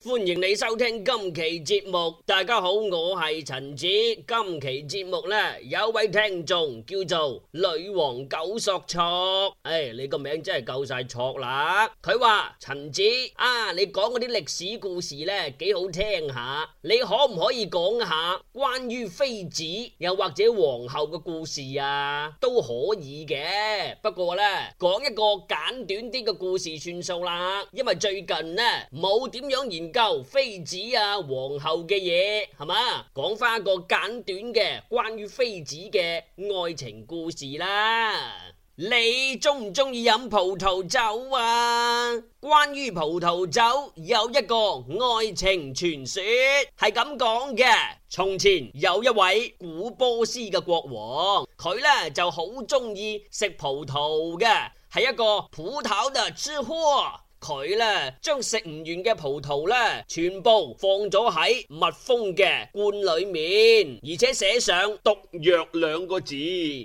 歡迎你收聽今期節目，大家好，我係陳子。今期節目呢，有位聽眾叫做女王九索錯，唉、哎，你個名真係夠晒錯啦！佢話陳子啊，你講嗰啲歷史故事呢幾好聽下，你可唔可以講下關於妃子又或者皇后嘅故事啊？都可以嘅，不過呢，講一個簡短啲嘅故事算數啦，因為最近呢冇點樣研究。鳩妃子啊，皇后嘅嘢係嘛？講翻個簡短嘅關於妃子嘅愛情故事啦。你中唔中意飲葡萄酒啊？關於葡萄酒有一個愛情傳說係咁講嘅。從前有一位古波斯嘅國王，佢呢就好中意食葡萄嘅，係一個葡萄的吃貨。佢咧將食唔完嘅葡萄咧，全部放咗喺密封嘅罐裏面，而且寫上毒藥兩個字，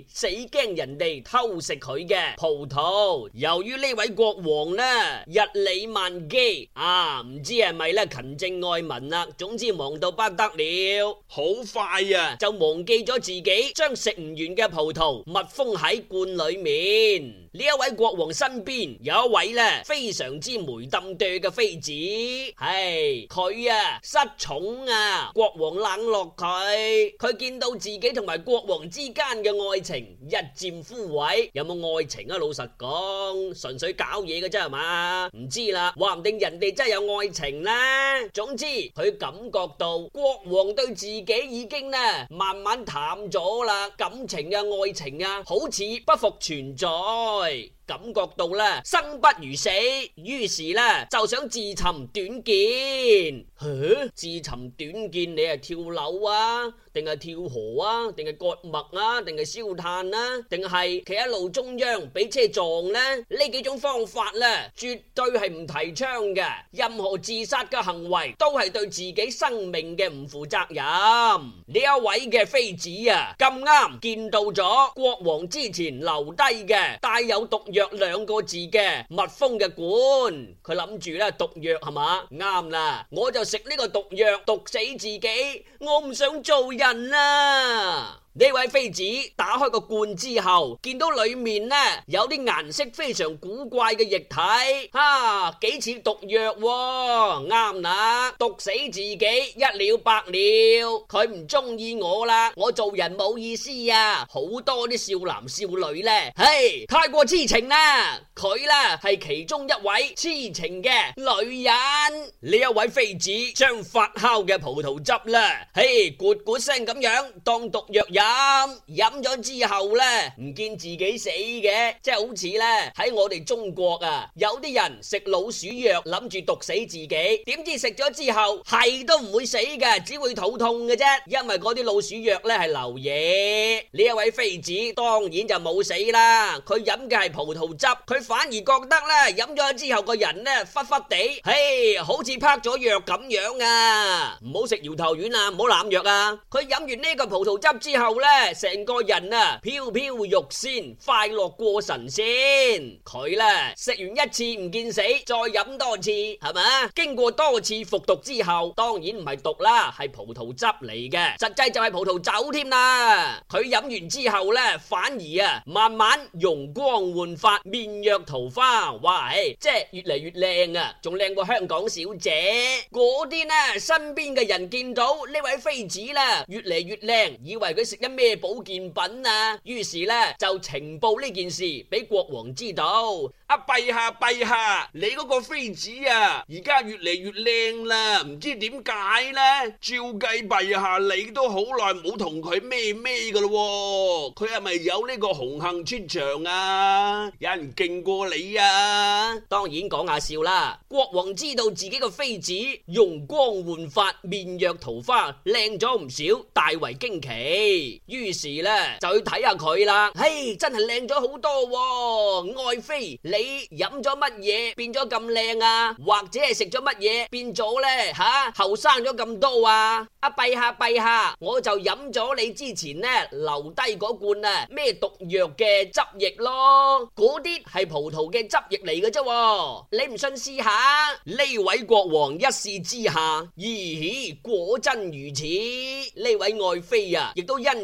死驚人哋偷食佢嘅葡萄。由於呢位國王呢，日理萬機啊，唔知係咪咧勤政愛民啦、啊，總之忙到不得了，好快啊就忘記咗自己將食唔完嘅葡萄密封喺罐裏面。呢一位國王身邊有一位咧非常，之梅登朵嘅妃子，係佢啊失寵啊，國王冷落佢，佢見到自己同埋國王之間嘅愛情日漸枯萎，有冇愛情啊？老實講，純粹搞嘢嘅啫係嘛，唔知啦，話唔定人哋真係有愛情啦。總之，佢感覺到國王對自己已經呢慢慢淡咗啦，感情啊，愛情啊，好似不復存在。感覺到啦，生不如死，於是啦就想自尋短見，啊。自尋短見，你係跳樓啊，定係跳河啊，定係割脈啊，定係燒炭啊，定係企喺路中央俾車撞呢？呢幾種方法咧，絕對係唔提倡嘅。任何自殺嘅行為都係對自己生命嘅唔負責任。呢一位嘅妃子啊，咁啱見到咗國王之前留低嘅帶有毒。藥兩個字嘅密封嘅管，佢諗住咧毒藥係嘛，啱啦，我就食呢個毒藥毒死自己，我唔想做人啦。呢位妃子打開個罐之後，見到裏面呢有啲顏色非常古怪嘅液體，吓幾似毒藥喎。哦，啱啦，毒死自己一了百了。佢唔中意我啦，我做人冇意思啊！好多啲少男少女呢，嘿，太過癡情啦。佢呢係其中一位癡情嘅女人。呢一位妃子將發酵嘅葡萄汁啦，嘿，咕、呃、咕、呃、聲咁樣當毒藥飲。咁飲咗之後呢，唔見自己死嘅，即係好似呢，喺我哋中國啊，有啲人食老鼠藥諗住毒死自己，點知食咗之後係都唔會死嘅，只會肚痛嘅啫。因為嗰啲老鼠藥呢係流嘢。呢一位妃子當然就冇死啦，佢飲嘅係葡萄汁，佢反而覺得呢，飲咗之後個人呢，忽忽地，嘿，hey，好似啪咗藥咁樣啊！唔好食搖頭丸啊，唔好濫藥啊。佢飲完呢個葡萄汁之後。咧，成個人啊飄飄欲仙，快樂過神仙。佢咧食完一次唔見死，再飲多次係咪？經過多次服毒之後，當然唔係毒啦，係葡萄汁嚟嘅，實際就係葡萄酒添啦。佢飲完之後咧，反而啊慢慢容光煥發，面若桃花，哇唉，即係越嚟越靚啊，仲靚過香港小姐。嗰啲咧身邊嘅人見到呢位妃子咧，越嚟越靚，以為佢食。因咩保健品啊？於是咧就呈報呢件事俾國王知道。阿、啊、陛下，陛下，你嗰個妃子啊，而家越嚟越靚啦，唔知點解呢？照計，陛下你都好耐冇同佢咩咩噶咯，佢係咪有呢個紅杏出牆啊？有人勁過你啊？當然講下笑啦。國王知道自己個妃子容光煥發、面若桃花，靚咗唔少，大為驚奇。於是咧，就去睇下佢啦，嘿，真係靚咗好多，哦，愛妃你飲咗乜嘢變咗咁靚啊？或者係食咗乜嘢變咗咧？吓，後生咗咁多啊！啊，陛下，陛下，我就飲咗你之前呢，留低嗰罐啊咩毒藥嘅汁液咯，嗰啲係葡萄嘅汁液嚟嘅啫，你唔信試下？呢位國王一試之下，咦，咦，果真如此。呢位愛妃啊，亦都因。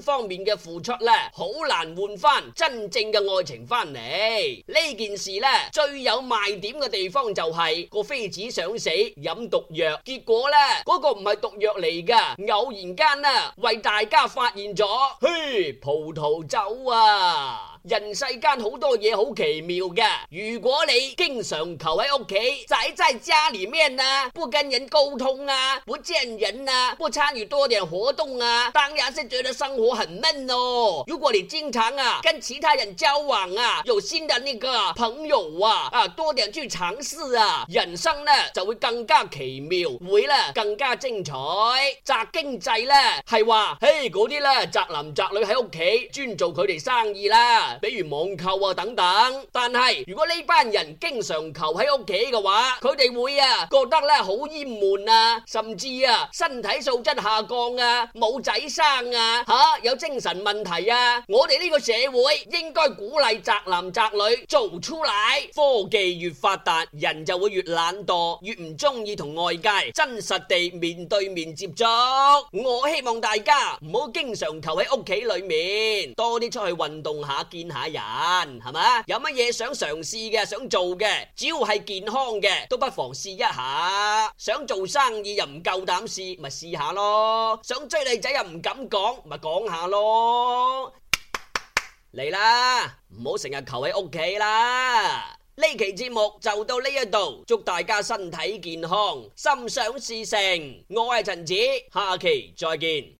方面嘅付出呢，好難換翻真正嘅愛情翻嚟。呢件事呢，最有賣點嘅地方就係、是，個妃子想死，飲毒藥，結果呢嗰、那個唔係毒藥嚟噶，偶然間呢，為大家發現咗，嘿，葡萄酒啊！人世間好多嘢好奇妙嘅。如果你經常求喺屋企，宅在家裏面呢、啊，不跟人溝通啊，不見人啊，不參與多點活動啊，當然是覺得生活很悶哦。如果你經常啊跟其他人交往啊，有新的那個朋友啊，啊多點去嘗試啊，人生呢就會更加奇妙，會呢更加精彩。宅經濟呢係話，嘿嗰啲呢宅男宅女喺屋企專做佢哋生意啦。比如網購啊等等，但係如果呢班人經常求喺屋企嘅話，佢哋會啊覺得咧好厭悶啊，甚至啊身體素質下降啊，冇仔生啊，吓有精神問題啊！我哋呢個社會應該鼓勵宅男宅女做出嚟。科技越發達，人就會越懶惰，越唔中意同外界真實地面對面接觸。我希望大家唔好經常求喺屋企裏面，多啲出去運動下，見下人係咪？啊？有乜嘢想嘗試嘅，想做嘅，只要係健康嘅，都不妨試一下。想做生意又唔夠膽試，咪試下咯。想追女仔又唔敢講，咪講下咯。嚟啦，唔好成日求喺屋企啦。呢期節目就到呢一度，祝大家身體健康，心想事成。我係陳子，下期再見。